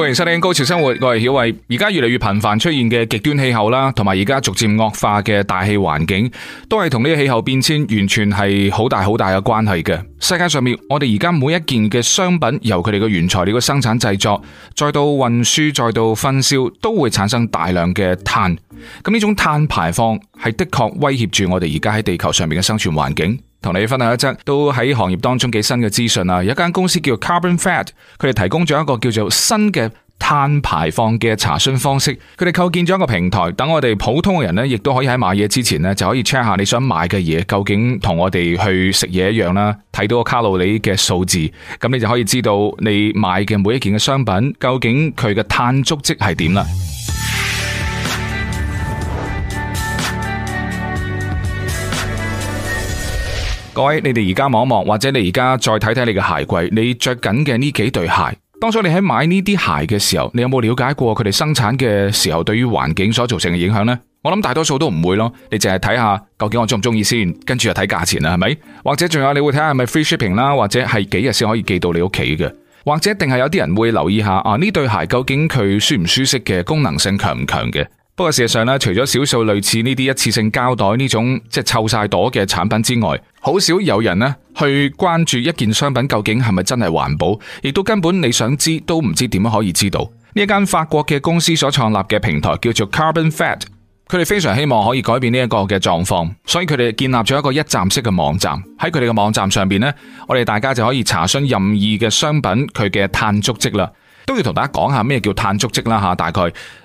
歡迎收聽《高潮生活》。我係曉慧，而家越嚟越頻繁出現嘅極端氣候啦，同埋而家逐漸惡化嘅大氣環境，都係同呢個氣候變遷完全係好大好大嘅關係嘅。世界上面，我哋而家每一件嘅商品，由佢哋嘅原材料嘅生產製作，再到運輸，再到分銷，都會產生大量嘅碳。咁呢種碳排放係的確威脅住我哋而家喺地球上面嘅生存環境。同你分享一則都喺行業當中幾新嘅資訊啦，有一間公司叫 Carbon Fat，佢哋提供咗一個叫做新嘅碳排放嘅查詢方式，佢哋構建咗一個平台，等我哋普通嘅人呢，亦都可以喺買嘢之前呢，就可以 check 下你想買嘅嘢究竟同我哋去食嘢一樣啦，睇到個卡路里嘅數字，咁你就可以知道你買嘅每一件嘅商品究竟佢嘅碳足跡係點啦。各位，你哋而家望一望，或者你而家再睇睇你嘅鞋櫃，你着緊嘅呢幾對鞋，當初你喺買呢啲鞋嘅時候，你有冇了解過佢哋生產嘅時候對於環境所造成嘅影響呢？我諗大多數都唔會咯，你淨係睇下究竟我中唔中意先，跟住又睇價錢啦，係咪？或者仲有你會睇下係咪 free shipping 啦，或者係幾日先可以寄到你屋企嘅，或者定係有啲人會留意下啊，呢對鞋究竟佢舒唔舒適嘅，功能性強唔強嘅？不過事實上咧，除咗少數類似呢啲一次性膠袋呢種即係臭晒朵嘅產品之外，好少有人咧去關注一件商品究竟係咪真係環保，亦都根本你想知都唔知點樣可以知道。呢一間法國嘅公司所創立嘅平台叫做 Carbon Fat，佢哋非常希望可以改變呢一個嘅狀況，所以佢哋建立咗一個一站式嘅網站。喺佢哋嘅網站上邊咧，我哋大家就可以查詢任意嘅商品佢嘅碳足跡啦。都要同大家講下咩叫碳足跡啦吓，大概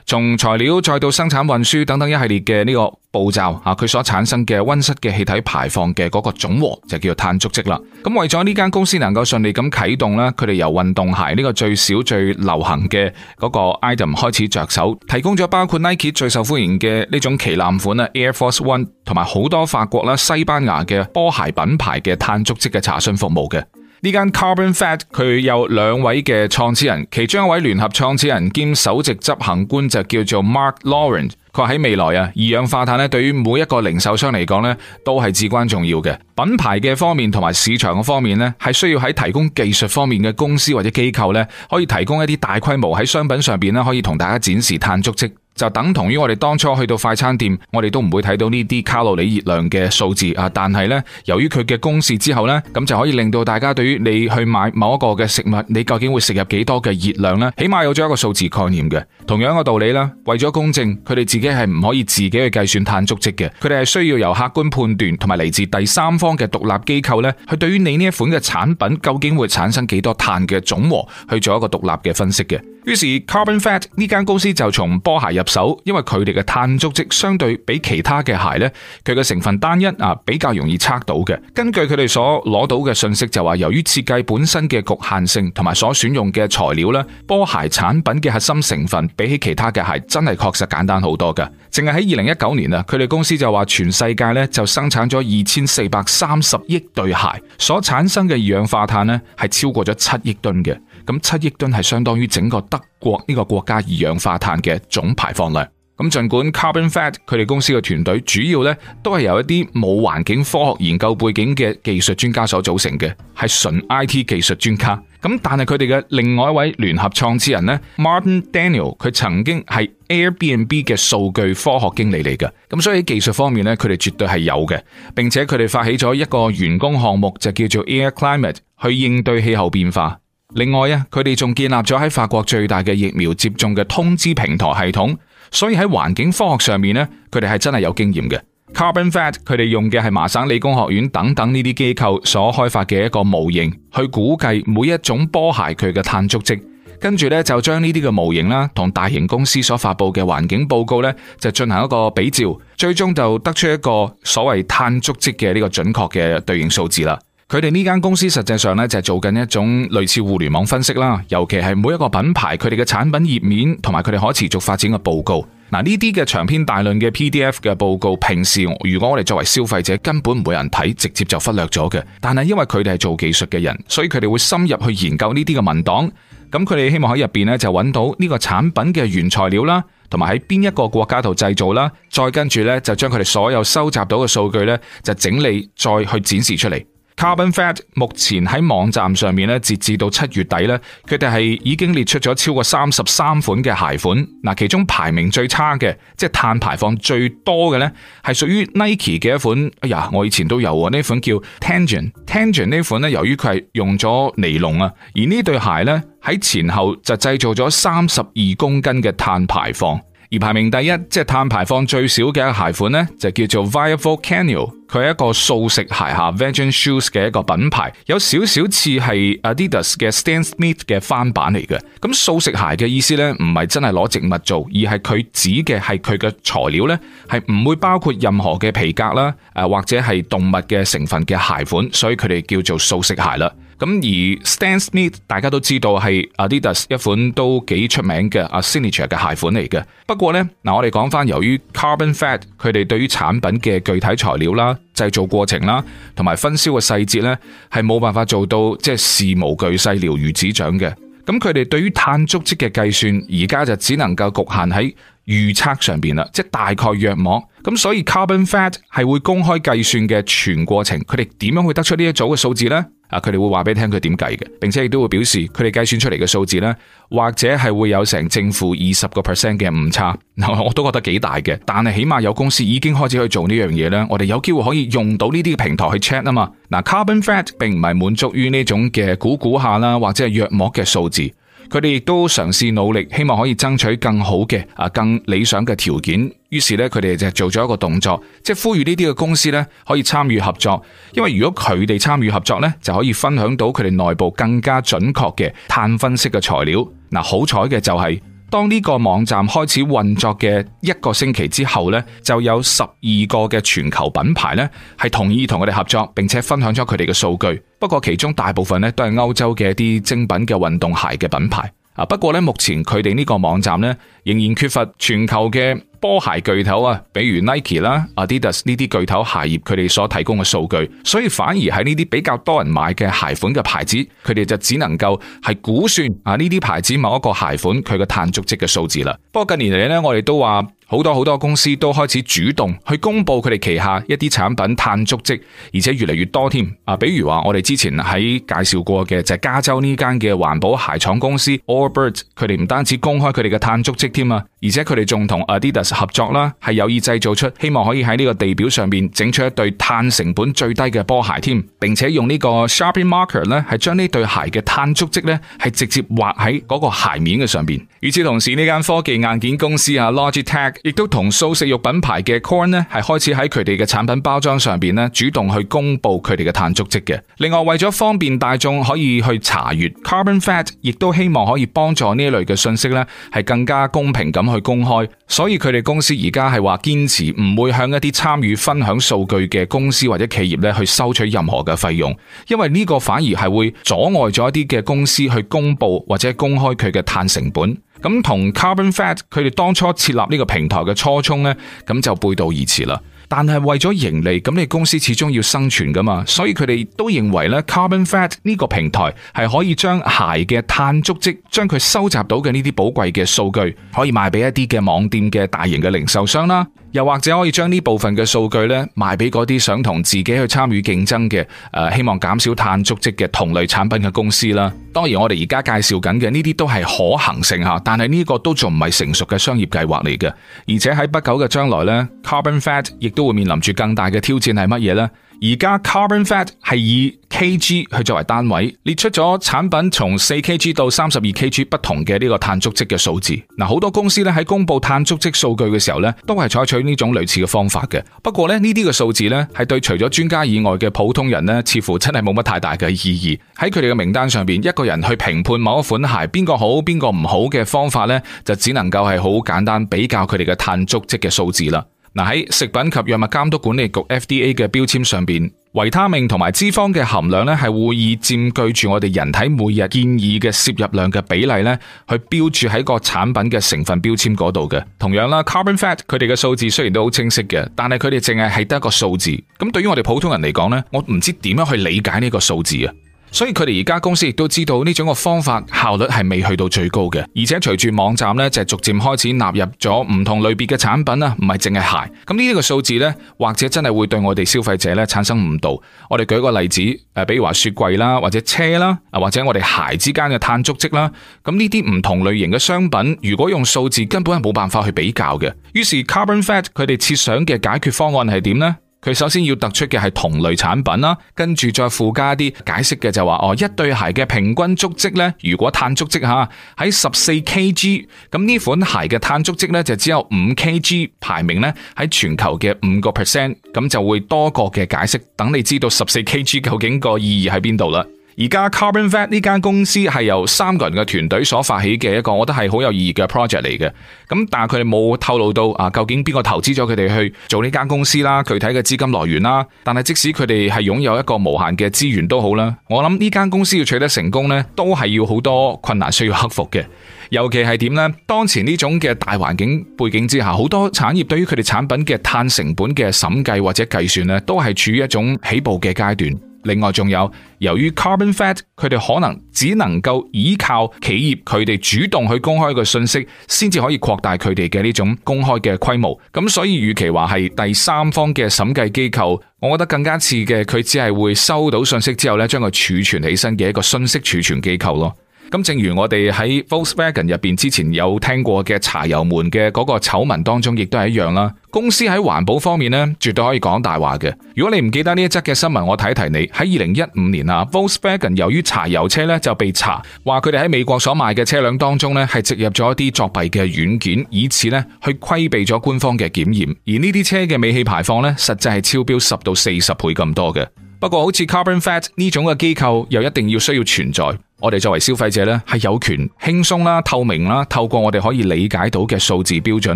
從材料再到生產、運輸等等一系列嘅呢個步驟啊，佢所產生嘅温室嘅氣體排放嘅嗰個總和就叫碳足跡啦。咁為咗呢間公司能夠順利咁啟動呢，佢哋由運動鞋呢個最少最流行嘅嗰個 item 開始着手，提供咗包括 Nike 最受歡迎嘅呢種旗艦款啦 Air Force One，同埋好多法國啦、西班牙嘅波鞋品牌嘅碳足跡嘅查詢服務嘅。呢間 Carbon Fat 佢有兩位嘅創始人，其中一位聯合創始人兼首席執行官就叫做 Mark Lawrence。佢話喺未來啊，二氧化碳咧對於每一個零售商嚟講咧都係至關重要嘅品牌嘅方面同埋市場嘅方面咧，係需要喺提供技術方面嘅公司或者機構咧，可以提供一啲大規模喺商品上邊咧可以同大家展示碳足跡。就等同於我哋當初去到快餐店，我哋都唔會睇到呢啲卡路里熱量嘅數字啊！但係呢，由於佢嘅公示之後呢，咁就可以令到大家對於你去買某一個嘅食物，你究竟會食入幾多嘅熱量呢？起碼有咗一個數字概念嘅。同樣嘅道理啦，為咗公正，佢哋自己係唔可以自己去計算碳足跡嘅，佢哋係需要由客觀判斷同埋嚟自第三方嘅獨立機構呢，去對於你呢一款嘅產品究竟會產生幾多碳嘅總和去做一個獨立嘅分析嘅。於是 Carbon Fat 呢間公司就從波鞋入手，因為佢哋嘅碳足跡相對比其他嘅鞋呢，佢嘅成分單一啊，比較容易測到嘅。根據佢哋所攞到嘅信息就話，由於設計本身嘅局限性同埋所選用嘅材料呢，波鞋產品嘅核心成分比起其他嘅鞋真係確實簡單好多嘅。淨係喺二零一九年啊，佢哋公司就話全世界呢就生產咗二千四百三十億對鞋，所產生嘅二氧化碳呢係超過咗七億噸嘅。咁七億噸係相當於整個德國呢個國家二氧化碳嘅總排放量。咁盡管 Carbon Fact, 佢哋公司嘅團隊主要呢都係由一啲冇環境科學研究背景嘅技術專家所組成嘅，係純 IT 技術專家。咁但係佢哋嘅另外一位聯合創始人呢，Martin Daniel，佢曾經係 Airbnb 嘅數據科學經理嚟㗎。咁所以喺技術方面呢，佢哋絕對係有嘅，並且佢哋發起咗一個員工項目就叫做 Air Climate 去應對氣候變化。另外啊，佢哋仲建立咗喺法國最大嘅疫苗接種嘅通知平台系統，所以喺環境科學上面咧，佢哋係真係有經驗嘅。Carbon Fact，佢哋用嘅係麻省理工學院等等呢啲機構所開發嘅一個模型，去估計每一種波鞋佢嘅碳足跡，跟住呢，就將呢啲嘅模型啦同大型公司所發布嘅環境報告呢，就進行一個比照，最終就得出一個所謂碳足跡嘅呢個準確嘅對應數字啦。佢哋呢間公司實際上咧就係做緊一種類似互聯網分析啦，尤其係每一個品牌佢哋嘅產品頁面同埋佢哋可持續發展嘅報告嗱，呢啲嘅長篇大論嘅 PDF 嘅報告，平時如果我哋作為消費者根本冇人睇，直接就忽略咗嘅。但係因為佢哋係做技術嘅人，所以佢哋會深入去研究呢啲嘅文檔，咁佢哋希望喺入邊呢，就揾到呢個產品嘅原材料啦，同埋喺邊一個國家度製造啦，再跟住呢，就將佢哋所有收集到嘅數據呢，就整理再去展示出嚟。Carbon Fat 目前喺網站上面咧，截至到七月底咧，佢哋係已經列出咗超過三十三款嘅鞋款。嗱，其中排名最差嘅，即係碳排放最多嘅咧，係屬於 Nike 嘅一款。哎呀，我以前都有，呢款叫 Tangent。Tangent 呢款咧，由於佢係用咗尼龍啊，而呢對鞋咧喺前後就製造咗三十二公斤嘅碳排放。而排名第一，即係碳排放最少嘅鞋款呢，就叫做 Vivocanial。佢係一個素食鞋下 （vegan shoes） 嘅一個品牌，有少少似係 Adidas 嘅 Stan Smith 嘅翻版嚟嘅。咁素食鞋嘅意思呢，唔係真係攞植物做，而係佢指嘅係佢嘅材料呢，係唔會包括任何嘅皮革啦，誒或者係動物嘅成分嘅鞋款，所以佢哋叫做素食鞋啦。咁而 Stan Smith 大家都知道係 Adidas 一款都幾出名嘅啊 Signature 嘅鞋款嚟嘅。不過呢，嗱我哋講翻，由於 Carbon Fat 佢哋對於產品嘅具體材料啦、製造過程啦、同埋分銷嘅細節呢，係冇辦法做到即係事無巨細、了如指掌嘅。咁佢哋對於碳足跡嘅計算，而家就只能夠局限喺預測上邊啦，即係大概約摸。咁所以 Carbon Fat 係會公開計算嘅全過程，佢哋點樣去得出呢一組嘅數字呢？啊！佢哋會話俾聽佢點計嘅，並且亦都會表示佢哋計算出嚟嘅數字呢，或者係會有成正負二十個 percent 嘅誤差，我都覺得幾大嘅。但係起碼有公司已經開始去做呢樣嘢呢，我哋有機會可以用到呢啲嘅平台去 check 啊嘛。嗱，Carbon Fact 並唔係滿足於呢種嘅估估下啦，或者係約莫嘅數字，佢哋亦都嘗試努力，希望可以爭取更好嘅啊，更理想嘅條件。於是咧，佢哋就做咗一個動作，即係呼籲呢啲嘅公司咧可以參與合作。因為如果佢哋參與合作咧，就可以分享到佢哋內部更加準確嘅碳分析嘅材料。嗱，好彩嘅就係當呢個網站開始運作嘅一個星期之後咧，就有十二個嘅全球品牌咧係同意同佢哋合作，並且分享咗佢哋嘅數據。不過其中大部分呢都係歐洲嘅一啲精品嘅運動鞋嘅品牌啊。不過咧，目前佢哋呢個網站咧仍然缺乏全球嘅。波鞋巨頭啊，比如 Nike 啦、Adidas 呢啲巨頭鞋業，佢哋所提供嘅數據，所以反而喺呢啲比較多人買嘅鞋款嘅牌子，佢哋就只能夠係估算啊，呢啲牌子某一個鞋款佢嘅碳足跡嘅數字啦。不過近年嚟咧，我哋都話。好多好多公司都開始主動去公布佢哋旗下一啲產品碳足跡，而且越嚟越多添啊！比如話我哋之前喺介紹過嘅就係加州呢間嘅環保鞋廠公司 o r b e r t 佢哋唔單止公開佢哋嘅碳足跡添啊，而且佢哋仲同 Adidas 合作啦，係有意製造出希望可以喺呢個地表上面整出一對碳成本最低嘅波鞋添，並且用呢個 s h o p p i n g Marker 呢，係將呢對鞋嘅碳足跡呢，係直接畫喺嗰個鞋面嘅上邊。與此同時，呢間科技硬件公司啊 l o g i t e c 亦都同素食肉品牌嘅 Corn 咧，係開始喺佢哋嘅產品包裝上邊咧，主動去公佈佢哋嘅碳足迹嘅。另外，為咗方便大眾可以去查閱，Carbon Fact 亦都希望可以幫助呢一類嘅信息咧，係更加公平咁去公開。所以佢哋公司而家係話堅持唔會向一啲參與分享數據嘅公司或者企業咧，去收取任何嘅費用，因為呢個反而係會阻礙咗一啲嘅公司去公佈或者公開佢嘅碳成本。咁同 Carbon Fat 佢哋當初設立呢個平台嘅初衷呢，咁就背道而馳啦。但係為咗盈利，咁你公司始終要生存噶嘛，所以佢哋都認為呢 Carbon Fat 呢個平台係可以將鞋嘅碳足跡，將佢收集到嘅呢啲寶貴嘅數據，可以賣俾一啲嘅網店嘅大型嘅零售商啦。又或者可以將呢部分嘅數據咧賣俾嗰啲想同自己去參與競爭嘅誒、呃，希望減少碳足跡嘅同類產品嘅公司啦。當然，我哋而家介紹緊嘅呢啲都係可行性吓，但係呢個都仲唔係成熟嘅商業計劃嚟嘅。而且喺不久嘅將來呢 carbon fat 亦都會面臨住更大嘅挑戰係乜嘢呢？而家 carbon fat 係以 kg 去作為單位，列出咗產品從 4kg 到 32kg 不同嘅呢個碳足跡嘅數字。嗱，好多公司咧喺公布碳足跡數據嘅時候咧，都係採取呢種類似嘅方法嘅。不過咧呢啲嘅數字咧，係對除咗專家以外嘅普通人咧，似乎真係冇乜太大嘅意義。喺佢哋嘅名單上邊，一個人去評判某一款鞋邊個好邊個唔好嘅方法咧，就只能夠係好簡單比較佢哋嘅碳足跡嘅數字啦。嗱，喺食品及藥物監督管理局 FDA 嘅標籤上邊，維他命同埋脂肪嘅含量咧係會以佔據住我哋人體每日建議嘅攝入量嘅比例咧去標註喺個產品嘅成分標籤嗰度嘅。同樣啦，Carbon Fat 佢哋嘅數字雖然都好清晰嘅，但係佢哋淨係係得一個數字。咁對於我哋普通人嚟講咧，我唔知點樣去理解呢個數字啊。所以佢哋而家公司亦都知道呢種個方法效率係未去到最高嘅，而且隨住網站呢，就逐漸開始納入咗唔同類別嘅產品啊，唔係淨係鞋。咁呢一個數字呢，或者真係會對我哋消費者呢產生誤導。我哋舉個例子，誒，比如話雪櫃啦，或者車啦，啊，或者我哋鞋之間嘅碳足跡啦，咁呢啲唔同類型嘅商品，如果用數字根本係冇辦法去比較嘅。於是 Carbon Fat 佢哋設想嘅解決方案係點呢？佢首先要突出嘅係同類產品啦，跟住再附加啲解釋嘅就話、是、哦，一對鞋嘅平均足跡呢，如果碳足跡吓喺十四 kg，咁呢款鞋嘅碳足跡呢就只有五 kg，排名呢喺全球嘅五個 percent，咁就會多個嘅解釋，等你知道十四 kg 究竟個意義喺邊度啦。而家 Carbon Vat 呢間公司係由三個人嘅團隊所發起嘅一個，我覺得係好有意義嘅 project 嚟嘅。咁但係佢哋冇透露到啊，究竟邊個投資咗佢哋去做呢間公司啦，具體嘅資金來源啦。但係即使佢哋係擁有一個無限嘅資源都好啦，我諗呢間公司要取得成功呢，都係要好多困難需要克服嘅。尤其係點呢？當前呢種嘅大環境背景之下，好多產業對於佢哋產品嘅碳成本嘅審計或者計算呢，都係處於一種起步嘅階段。另外仲有，由於 carbon fat 佢哋可能只能夠依靠企業佢哋主動去公開嘅信息，先至可以擴大佢哋嘅呢種公開嘅規模。咁所以，與其話係第三方嘅審計機構，我覺得更加似嘅，佢只係會收到信息之後咧，將佢儲存起身嘅一個信息儲存機構咯。咁正如我哋喺 Volkswagen 入邊之前有聽過嘅柴油門嘅嗰個醜聞當中，亦都係一樣啦。公司喺環保方面咧，絕對可以講大話嘅。如果你唔記得呢一則嘅新聞，我提提你喺二零一五年啊 Volkswagen 由於柴油車咧就被查，話佢哋喺美國所賣嘅車輛當中咧係植入咗一啲作弊嘅軟件，以此咧去規避咗官方嘅檢驗，而呢啲車嘅尾氣排放咧實際係超標十到四十倍咁多嘅。不過，好似 Carbon Fat 呢種嘅機構又一定要需要存在，我哋作為消費者呢，係有權輕鬆啦、透明啦，透過我哋可以理解到嘅數字標準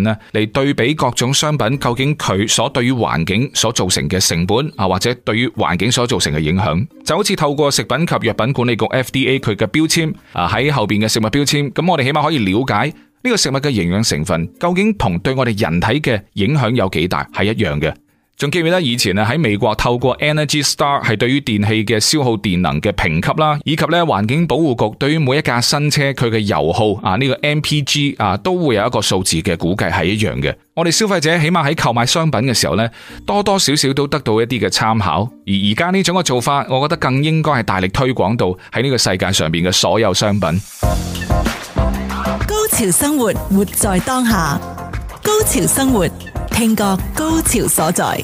呢，嚟對比各種商品究竟佢所對於環境所造成嘅成本啊，或者對於環境所造成嘅影響，就好似透過食品及藥品管理局 FDA 佢嘅標籤啊喺後邊嘅食物標籤，咁我哋起碼可以了解呢個食物嘅營養成分究竟同對我哋人體嘅影響有幾大係一樣嘅。仲記唔記得以前咧喺美國透過 Energy Star 係對於電器嘅消耗電能嘅評級啦，以及咧環境保護局對於每一架新車佢嘅油耗啊，呢個 MPG 啊都會有一個數字嘅估計係一樣嘅。我哋消費者起碼喺購買商品嘅時候呢，多多少少都得到一啲嘅參考。而而家呢種嘅做法，我覺得更應該係大力推廣到喺呢個世界上邊嘅所有商品。高潮生活，活在當下。高潮生活。聽覺高潮所在。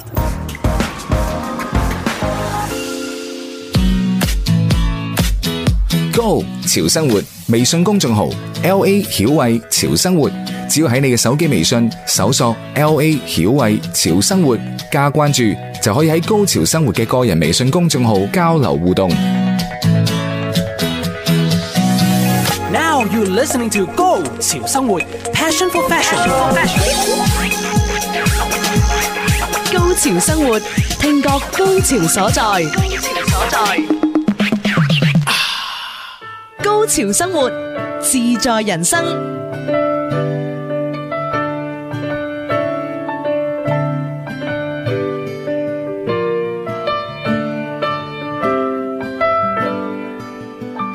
高潮生活微信公眾號 L A 曉慧潮生活，只要喺你嘅手機微信搜索 L A 曉慧潮生活加關注，就可以喺高潮生活嘅個人微信公眾號交流互動。Now you're listening to 高潮生活，passion for fashion。高潮生活，聽覺高潮所在。高潮所在。高潮生活，自在人生。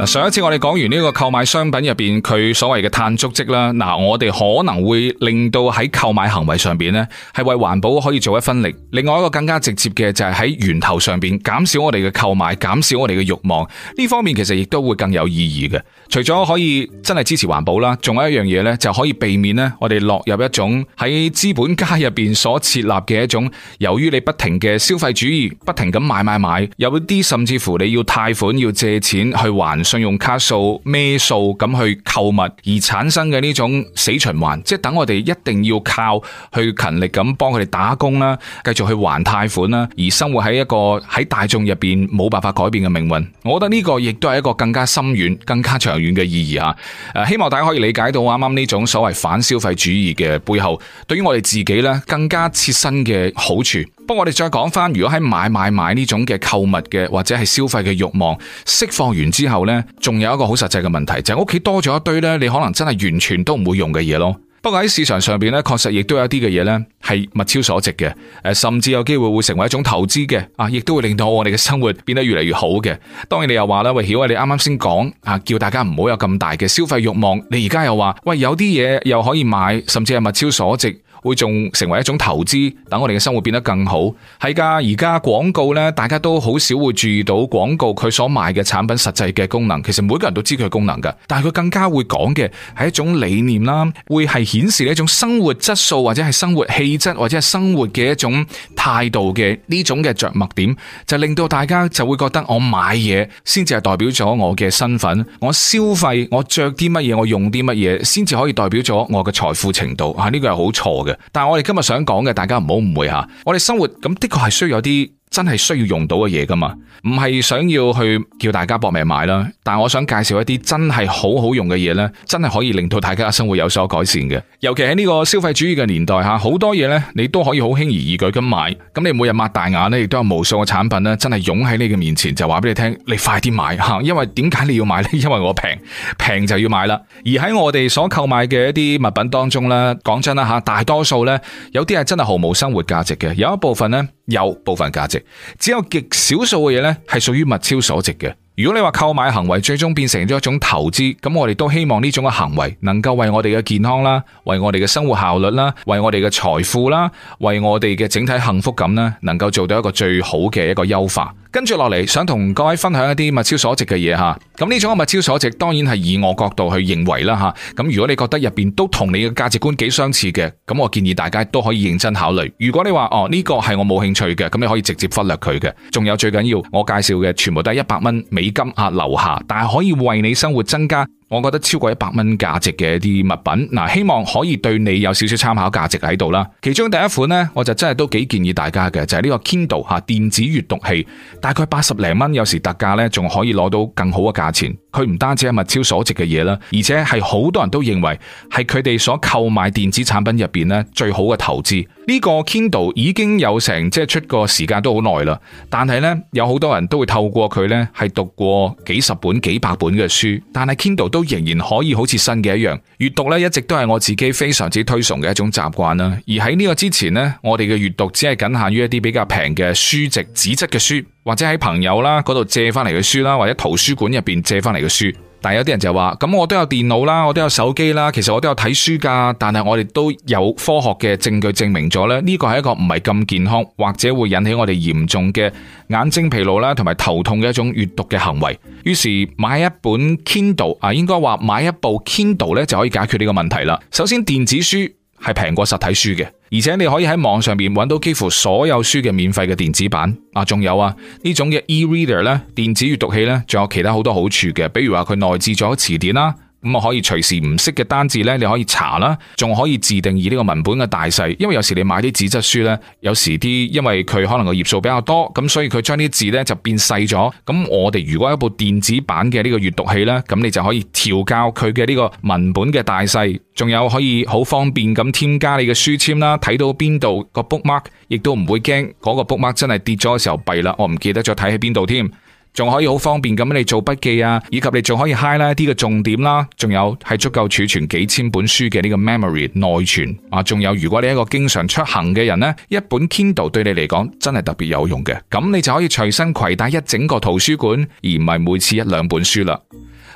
上一次我哋講完呢個購買商品入邊佢所謂嘅碳足跡啦，嗱、啊、我哋可能會令到喺購買行為上邊呢，係為環保可以做一分力。另外一個更加直接嘅就係喺源頭上邊減少我哋嘅購買，減少我哋嘅慾望。呢方面其實亦都會更有意義嘅。除咗可以真係支持環保啦，仲有一樣嘢呢，就可以避免呢我哋落入一種喺資本家入邊所設立嘅一種，由於你不停嘅消費主義，不停咁買買買，有啲甚至乎你要貸款要借錢去還。信用卡數咩數咁去購物而產生嘅呢種死循環，即係等我哋一定要靠去勤力咁幫佢哋打工啦，繼續去還貸款啦，而生活喺一個喺大眾入邊冇辦法改變嘅命運。我覺得呢個亦都係一個更加深遠、更加長遠嘅意義吓。誒，希望大家可以理解到啱啱呢種所謂反消費主義嘅背後，對於我哋自己咧更加切身嘅好處。不過我哋再講翻，如果喺買買買呢種嘅購物嘅或者係消費嘅慾望釋放完之後呢，仲有一個好實際嘅問題，就係屋企多咗一堆呢，你可能真係完全都唔會用嘅嘢咯。不過喺市場上邊呢，確實亦都有一啲嘅嘢呢，係物超所值嘅，誒，甚至有機會會成為一種投資嘅，啊，亦都會令到我哋嘅生活變得越嚟越好嘅。當然你又話啦，喂，曉偉啊，你啱啱先講啊，叫大家唔好有咁大嘅消費慾望，你而家又話喂，有啲嘢又可以買，甚至係物超所值。會仲成為一種投資，等我哋嘅生活變得更好。係噶，而家廣告呢，大家都好少會注意到廣告佢所賣嘅產品實際嘅功能。其實每個人都知佢功能噶，但係佢更加會講嘅係一種理念啦，會係顯示一種生活質素，或者係生活氣質，或者係生活嘅一種態度嘅呢種嘅着墨點，就令到大家就會覺得我買嘢先至係代表咗我嘅身份，我消費，我着啲乜嘢，我用啲乜嘢先至可以代表咗我嘅財富程度。吓，呢個係好錯嘅。但係我哋今日想講嘅，大家唔好誤會吓。我哋生活咁的確係需要有啲。真係需要用到嘅嘢㗎嘛？唔係想要去叫大家搏命買啦。但係我想介紹一啲真係好好用嘅嘢呢，真係可以令到大家生活有所改善嘅。尤其喺呢個消費主義嘅年代吓，好多嘢呢，你都可以好輕而易舉咁買。咁你每日擘大眼呢，亦都有無數嘅產品呢，真係湧喺你嘅面前，就話俾你聽，你快啲買吓。因為點解你要買呢？因為我平平就要買啦。而喺我哋所購買嘅一啲物品當中呢，講真啦吓，大多數呢，有啲係真係毫無生活價值嘅，有一部分呢。有部分價值，只有極少數嘅嘢咧，係屬於物超所值嘅。如果你話購買行為最終變成咗一種投資，咁我哋都希望呢種嘅行為能夠為我哋嘅健康啦，為我哋嘅生活效率啦，為我哋嘅財富啦，為我哋嘅整體幸福感啦，能夠做到一個最好嘅一個優化。跟住落嚟，想同各位分享一啲物超所值嘅嘢吓。咁呢種物超所值，當然係以我角度去認為啦吓。咁如果你覺得入邊都同你嘅價值觀幾相似嘅，咁我建議大家都可以認真考慮。如果你話，哦，呢個係我冇興趣嘅，咁你可以直接忽略佢嘅。仲有最緊要，我介紹嘅全部都係一百蚊。美金壓留下，但係可以為你生活增加。我覺得超過一百蚊價值嘅一啲物品，嗱，希望可以對你有少少參考價值喺度啦。其中第一款呢，我就真係都幾建議大家嘅，就係呢個 Kindle 吓電子閱讀器，大概八十零蚊，有時特價呢，仲可以攞到更好嘅價錢。佢唔單止係物超所值嘅嘢啦，而且係好多人都認為係佢哋所購買電子產品入邊呢最好嘅投資。呢個 Kindle 已經有成即係出個時間都好耐啦，但係呢，有好多人都會透過佢呢，係讀過幾十本幾百本嘅書，但係 Kindle 都。仍然可以好似新嘅一樣閱讀咧，一直都係我自己非常之推崇嘅一種習慣啦。而喺呢個之前咧，我哋嘅閱讀只係僅限於一啲比較平嘅書籍、紙質嘅書，或者喺朋友啦嗰度借翻嚟嘅書啦，或者圖書館入邊借翻嚟嘅書。但有啲人就話，咁我都有電腦啦，我都有手機啦，其實我都有睇書㗎，但係我哋都有科學嘅證據證明咗咧，呢個係一個唔係咁健康，或者會引起我哋嚴重嘅眼睛疲勞啦，同埋頭痛嘅一種閱讀嘅行為。於是買一本 Kindle 啊，應該話買一部 Kindle 咧就可以解決呢個問題啦。首先電子書，係平過實體書嘅，而且你可以喺網上面揾到幾乎所有書嘅免費嘅電子版啊！仲有啊，這種 e er、呢種嘅 e-reader 咧，電子閱讀器咧，仲有其他好多好處嘅，比如話佢內置咗詞典啦。咁啊，可以隨時唔識嘅單字呢，你可以查啦，仲可以自定義呢個文本嘅大細，因為有時你買啲紙質書呢，有時啲因為佢可能個頁數比較多，咁所以佢將啲字呢就變細咗。咁我哋如果一部電子版嘅呢個閱讀器呢，咁你就可以調校佢嘅呢個文本嘅大細，仲有可以好方便咁添加你嘅書籤啦，睇到邊度 book 個 bookmark，亦都唔會驚嗰個 bookmark 真係跌咗嘅時候弊啦，我唔記得再睇喺邊度添。仲可以好方便咁你做筆記啊，以及你仲可以 highlight 啲嘅重點啦，啊，仲有係足夠儲存幾千本書嘅呢個 memory 內存啊，仲有如果你係一個經常出行嘅人呢，一本 Kindle 對你嚟講真係特別有用嘅，咁你就可以隨身攜帶一整個圖書館，而唔係每次一兩本書啦。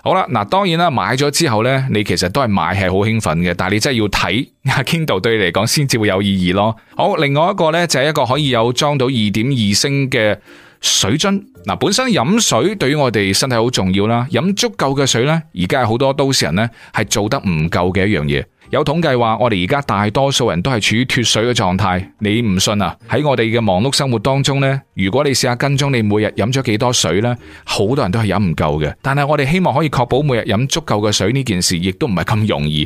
好啦，嗱、啊、當然啦，買咗之後呢，你其實都係買係好興奮嘅，但係你真係要睇 Kindle 對你嚟講先至會有意義咯。好，另外一個呢，就係、是、一個可以有裝到二點二升嘅。水樽本身飲水對於我哋身體好重要啦，飲足夠嘅水呢，而家好多都市人呢係做得唔夠嘅一樣嘢。有統計話，我哋而家大多數人都係處於脫水嘅狀態。你唔信啊？喺我哋嘅忙碌生活當中呢，如果你試下跟蹤你每日飲咗幾多水呢，好多人都係飲唔夠嘅。但係我哋希望可以確保每日飲足夠嘅水呢件事，亦都唔係咁容易。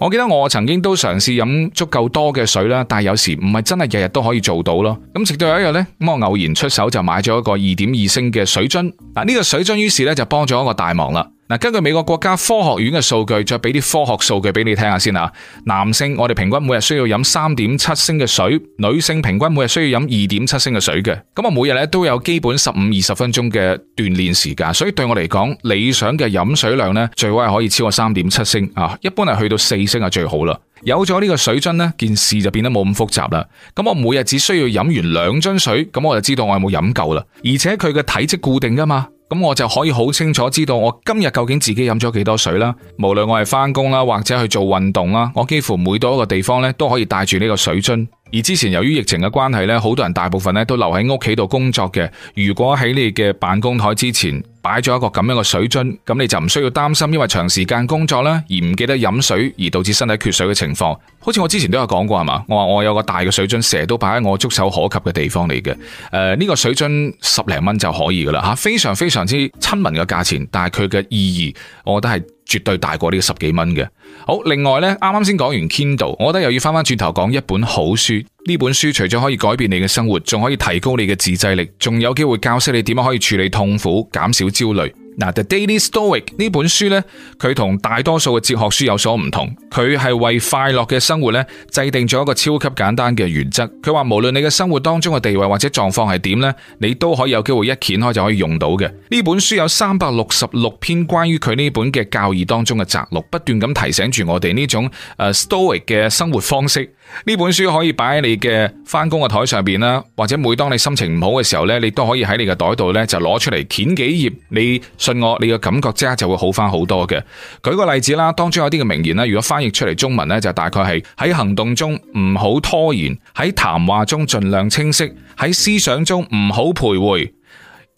我記得我曾經都嘗試飲足夠多嘅水啦，但係有時唔係真係日日都可以做到咯。咁直到有一日呢，咁我偶然出手就買咗一個二點二升嘅水樽，嗱、這、呢個水樽於是呢，就幫咗一個大忙啦。根據美國國家科學院嘅數據，再俾啲科學數據俾你聽下先吓。男性我哋平均每日需要飲三點七升嘅水，女性平均每日需要飲二點七升嘅水嘅。咁我每日咧都有基本十五二十分鐘嘅鍛煉時間，所以對我嚟講，理想嘅飲水量咧，最壞可以超過三點七升啊，一般係去到四升啊最好啦。有咗呢個水樽呢，件事就變得冇咁複雜啦。咁我每日只需要飲完兩樽水，咁我就知道我有冇飲夠啦。而且佢嘅體積固定噶嘛。咁我就可以好清楚知道我今日究竟自己飲咗幾多水啦。無論我係返工啦，或者去做運動啦，我幾乎每到一個地方咧，都可以帶住呢個水樽。而之前由於疫情嘅關係呢，好多人大部分咧，都留喺屋企度工作嘅。如果喺你嘅辦公台之前擺咗一個咁樣嘅水樽，咁你就唔需要擔心，因為長時間工作啦而唔記得飲水而導致身體缺水嘅情況。好似我之前都有講過係嘛？我話我有個大嘅水樽，成日都擺喺我觸手可及嘅地方嚟嘅。誒呢個水樽十零蚊就可以㗎啦吓，非常非常之親民嘅價錢，但係佢嘅意義，我覺得係。絕對大過呢個十幾蚊嘅。好，另外呢，啱啱先講完 Kindle，我覺得又要翻翻轉頭講一本好書。呢本書除咗可以改變你嘅生活，仲可以提高你嘅自制力，仲有機會教識你點樣可以處理痛苦，減少焦慮。嗱，《The Daily Stoic》呢本書呢，佢同大多數嘅哲學書有所唔同，佢係為快樂嘅生活呢制定咗一個超級簡單嘅原則。佢話無論你嘅生活當中嘅地位或者狀況係點呢，你都可以有機會一掀開就可以用到嘅。呢本書有三百六十六篇關於佢呢本嘅教義當中嘅摘錄，不斷咁提醒住我哋呢種誒、uh, Stoic 嘅生活方式。呢本書可以擺喺你嘅翻工嘅台上邊啦，或者每當你心情唔好嘅時候呢，你都可以喺你嘅袋度呢就攞出嚟掀幾頁，你。信我，你嘅感覺即刻就會好翻好多嘅。舉個例子啦，當中有啲嘅名言咧，如果翻譯出嚟中文咧，就大概係喺行動中唔好拖延，喺談話中盡量清晰，喺思想中唔好徘徊。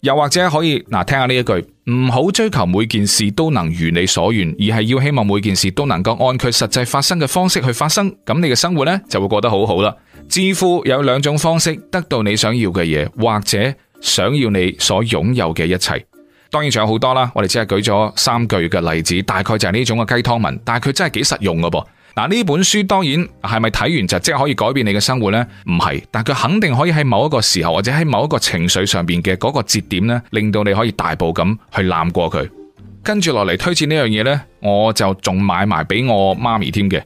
又或者可以嗱，聽下呢一句，唔好追求每件事都能如你所願，而係要希望每件事都能夠按佢實際發生嘅方式去發生。咁你嘅生活咧就會過得好好啦。致富有兩種方式，得到你想要嘅嘢，或者想要你所擁有嘅一切。當然仲有好多啦，我哋只係舉咗三句嘅例子，大概就係呢種嘅雞湯文，但係佢真係幾實用㗎噃。嗱，呢本書當然係咪睇完就即係可以改變你嘅生活呢？唔係，但佢肯定可以喺某一個時候或者喺某一個情緒上邊嘅嗰個節點呢，令到你可以大步咁去攬過佢。跟住落嚟推薦呢樣嘢呢，我就仲買埋俾我媽咪添嘅，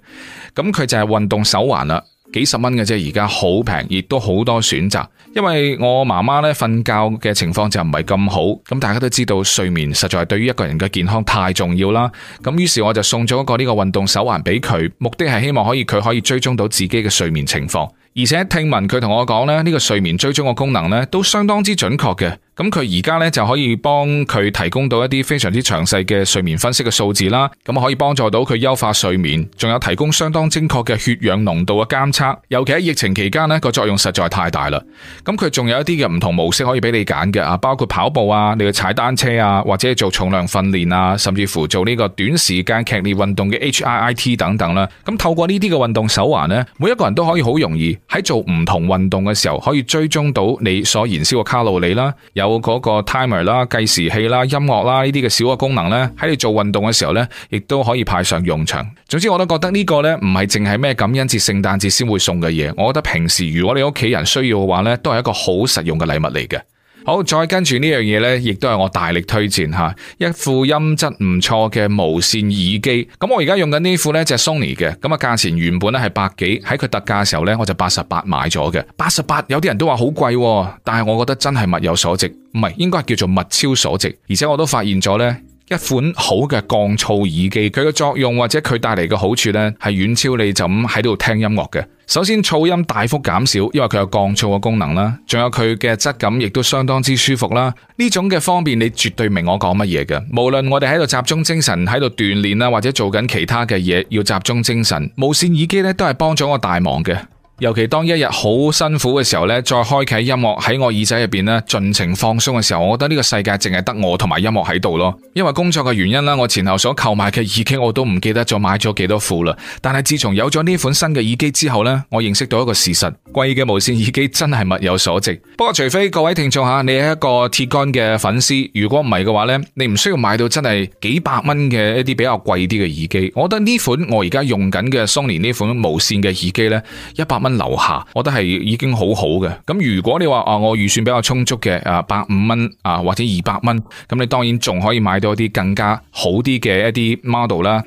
咁佢就係運動手環啦。幾十蚊嘅啫，而家好平，亦都好多選擇。因為我媽媽咧瞓覺嘅情況就唔係咁好，咁大家都知道睡眠實在係對於一個人嘅健康太重要啦。咁於是我就送咗一個呢個運動手環俾佢，目的係希望可以佢可以追蹤到自己嘅睡眠情況，而且聽聞佢同我講咧呢個睡眠追蹤嘅功能咧都相當之準確嘅。咁佢而家咧就可以幫佢提供到一啲非常之詳細嘅睡眠分析嘅數字啦，咁可以幫助到佢優化睡眠，仲有提供相當精確嘅血氧濃度嘅監測，尤其喺疫情期間咧個作用實在太大啦。咁佢仲有一啲嘅唔同模式可以俾你揀嘅啊，包括跑步啊，你去踩單車啊，或者做重量訓練啊，甚至乎做呢個短時間劇烈運動嘅 HIIT 等等啦。咁透過呢啲嘅運動手環咧，每一個人都可以好容易喺做唔同運動嘅時候，可以追蹤到你所燃燒嘅卡路里啦。有嗰個 timer 啦、計時器啦、音樂啦呢啲嘅小嘅功能咧，喺你做運動嘅時候咧，亦都可以派上用場。總之我都覺得呢個咧唔係淨係咩感恩節、聖誕節先會送嘅嘢，我覺得平時如果你屋企人需要嘅話咧，都係一個好實用嘅禮物嚟嘅。好，再跟住呢樣嘢呢，亦都係我大力推薦吓，一副音質唔錯嘅無線耳機。咁我而家用緊呢副呢就係 Sony 嘅。咁啊，價錢原本呢係百幾，喺佢特價嘅時候呢，我就八十八買咗嘅。八十八，有啲人都話好貴，但係我覺得真係物有所值，唔係應該叫做物超所值。而且我都發現咗呢。一款好嘅降噪耳機，佢嘅作用或者佢帶嚟嘅好處呢，係遠超你就咁喺度聽音樂嘅。首先，噪音大幅減少，因為佢有降噪嘅功能啦。仲有佢嘅質感亦都相當之舒服啦。呢種嘅方便，你絕對明我講乜嘢嘅。無論我哋喺度集中精神，喺度鍛煉啦，或者做緊其他嘅嘢，要集中精神，無線耳機呢，都係幫咗我大忙嘅。尤其當一日好辛苦嘅時候呢，再開啟音樂喺我耳仔入邊呢，盡情放鬆嘅時候，我覺得呢個世界淨係得我同埋音樂喺度咯。因為工作嘅原因啦，我前後所購買嘅耳機我都唔記得咗買咗幾多副啦。但係自從有咗呢款新嘅耳機之後呢，我認識到一個事實，貴嘅無線耳機真係物有所值。不過除非各位聽眾吓你係一個鐵桿嘅粉絲，如果唔係嘅話呢，你唔需要買到真係幾百蚊，嘅一啲比較貴啲嘅耳機。我覺得呢款我而家用緊嘅 Sony 呢款無線嘅耳機呢，一百。蚊樓下，我覺得係已經好好嘅。咁如果你話啊，我預算比較充足嘅啊，百五蚊啊，或者二百蚊，咁你當然仲可以買到一啲更加好啲嘅一啲 model 啦。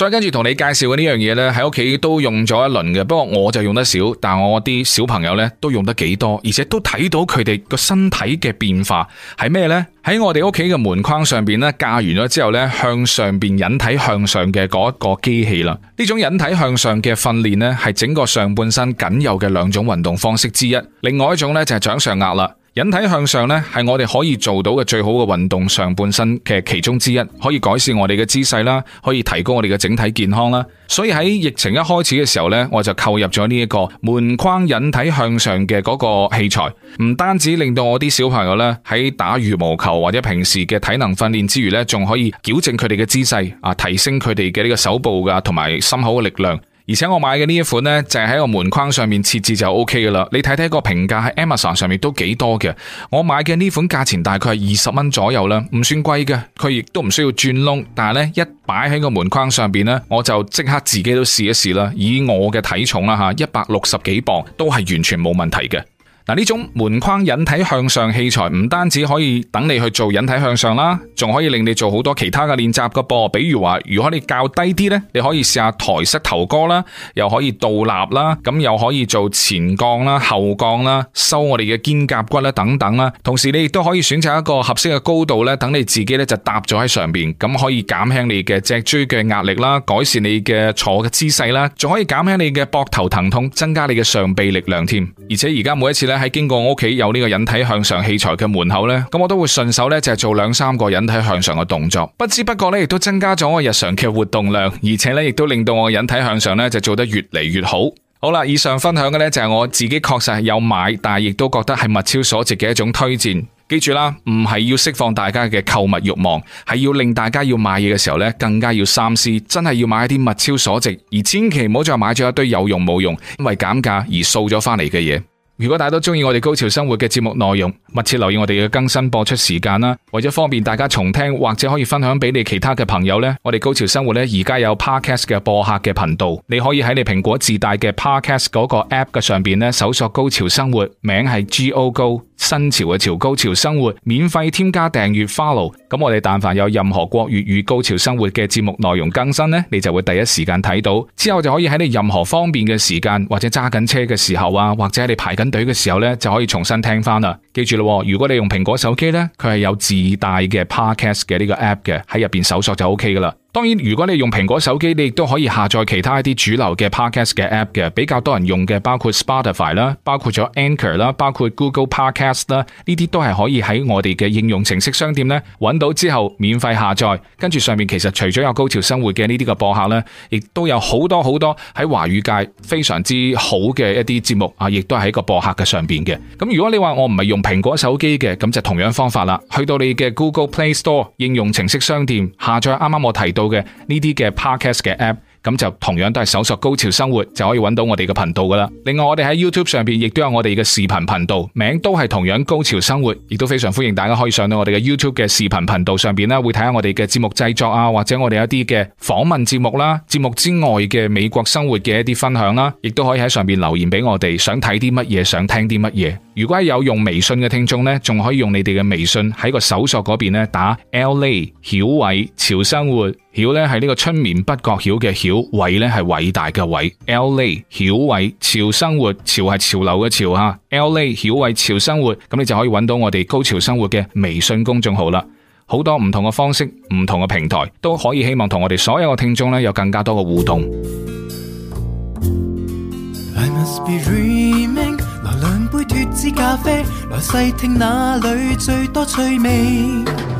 再跟住同你介紹嘅呢樣嘢呢，喺屋企都用咗一輪嘅，不過我就用得少，但我啲小朋友呢都用得幾多，而且都睇到佢哋個身體嘅變化。係咩呢？喺我哋屋企嘅門框上邊呢，架完咗之後呢，向上邊引體向上嘅嗰一個機器啦，呢種引體向上嘅訓練呢，係整個上半身僅有嘅兩種運動方式之一，另外一種呢，就係掌上壓啦。引體向上咧，係我哋可以做到嘅最好嘅運動，上半身嘅其中之一，可以改善我哋嘅姿勢啦，可以提高我哋嘅整體健康啦。所以喺疫情一開始嘅時候咧，我就購入咗呢一個門框引體向上嘅嗰個器材，唔單止令到我啲小朋友咧，喺打羽毛球或者平時嘅體能訓練之餘咧，仲可以矯正佢哋嘅姿勢啊，提升佢哋嘅呢個手部噶同埋心口嘅力量。而且我買嘅呢一款呢，就係喺個門框上面設置就 O K 噶啦。你睇睇個評價喺 Amazon 上面都幾多嘅。我買嘅呢款價錢大概係二十蚊左右啦，唔算貴嘅。佢亦都唔需要鑽窿，但係呢，一擺喺個門框上邊呢，我就即刻自己都試一試啦。以我嘅體重啦吓，一百六十幾磅都係完全冇問題嘅。嗱，呢種門框引體向上器材唔單止可以等你去做引體向上啦，仲可以令你做好多其他嘅練習噶噃。比如話，如果你較低啲呢，你可以試下抬膝頭哥啦，又可以倒立啦，咁又可以做前槓啦、後槓啦、收我哋嘅肩胛骨啦等等啦。同時你亦都可以選擇一個合適嘅高度呢，等你自己呢就搭咗喺上邊，咁可以減輕你嘅脊椎嘅壓力啦，改善你嘅坐嘅姿勢啦，仲可以減輕你嘅膊頭疼痛，增加你嘅上臂力量添。而且而家每一次呢。喺經過我屋企有呢個引體向上器材嘅門口呢，咁我都會順手呢，就係做兩三個引體向上嘅動作。不知不覺呢，亦都增加咗我日常嘅活動量，而且呢，亦都令到我引體向上呢，就做得越嚟越好。好啦，以上分享嘅呢，就係我自己確實係有買，但係亦都覺得係物超所值嘅一種推薦。記住啦，唔係要釋放大家嘅購物慾望，係要令大家要買嘢嘅時候呢，更加要三思，真係要買一啲物超所值，而千祈唔好再買咗一堆有用冇用，因為減價而掃咗返嚟嘅嘢。如果大家都中意我哋高潮生活嘅節目內容，密切留意我哋嘅更新播出時間啦。為咗方便大家重聽或者可以分享俾你其他嘅朋友咧，我哋高潮生活咧而家有 podcast 嘅播客嘅頻道，你可以喺你蘋果自帶嘅 podcast 嗰個 app 嘅上邊咧搜索高潮生活，名係 Gogo 新潮嘅潮高潮生活，免費添加訂閱 follow，咁我哋但凡有任何國粵語高潮生活嘅節目內容更新呢，你就會第一時間睇到，之後就可以喺你任何方便嘅時間，或者揸緊車嘅時候啊，或者喺你排緊隊嘅時候呢，就可以重新聽翻啦。記住咯，如果你用蘋果手機呢，佢係有自帶嘅 Podcast 嘅呢個 app 嘅，喺入邊搜索就 OK 噶啦。當然，如果你用蘋果手機，你亦都可以下載其他一啲主流嘅 podcast 嘅 app 嘅，比較多人用嘅，包括 Spotify 啦，包括咗 Anchor 啦，包括 Google Podcast 啦，呢啲都係可以喺我哋嘅應用程式商店呢揾到之後免費下載。跟住上面其實除咗有高潮生活嘅呢啲嘅播客呢，亦都有好多好多喺華語界非常之好嘅一啲節目啊，亦都係喺個播客嘅上邊嘅。咁如果你話我唔係用蘋果手機嘅，咁就同樣方法啦，去到你嘅 Google Play Store 應用程式商店下載，啱啱我提到。到嘅呢啲嘅 podcast 嘅 app，咁就同樣都係搜索高潮生活就可以揾到我哋嘅頻道噶啦。另外我哋喺 YouTube 上邊亦都有我哋嘅視頻頻道，名都係同樣高潮生活，亦都非常歡迎大家可以上到我哋嘅 YouTube 嘅視頻頻道上邊啦，會睇下我哋嘅節目製作啊，或者我哋一啲嘅訪問節目啦，節目之外嘅美國生活嘅一啲分享啦，亦都可以喺上邊留言俾我哋，想睇啲乜嘢，想聽啲乜嘢。如果有用微信嘅聽眾呢，仲可以用你哋嘅微信喺個搜索嗰邊咧打 Lay 曉偉潮生活。曉呢係呢個春眠不覺曉嘅曉，偉呢係偉大嘅偉，L A 曉偉潮生活，潮係潮流嘅潮啊，L A 曉偉潮生活，咁你就可以揾到我哋高潮生活嘅微信公眾號啦，好多唔同嘅方式，唔同嘅平台都可以，希望同我哋所有嘅聽眾呢有更加多嘅互動。I must be dreaming，來兩杯脱脂咖啡，來細聽哪裏最多趣味。